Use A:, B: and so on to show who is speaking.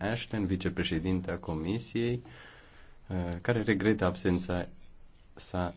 A: Ashton, a Comisiei, uh, care regretă absența sa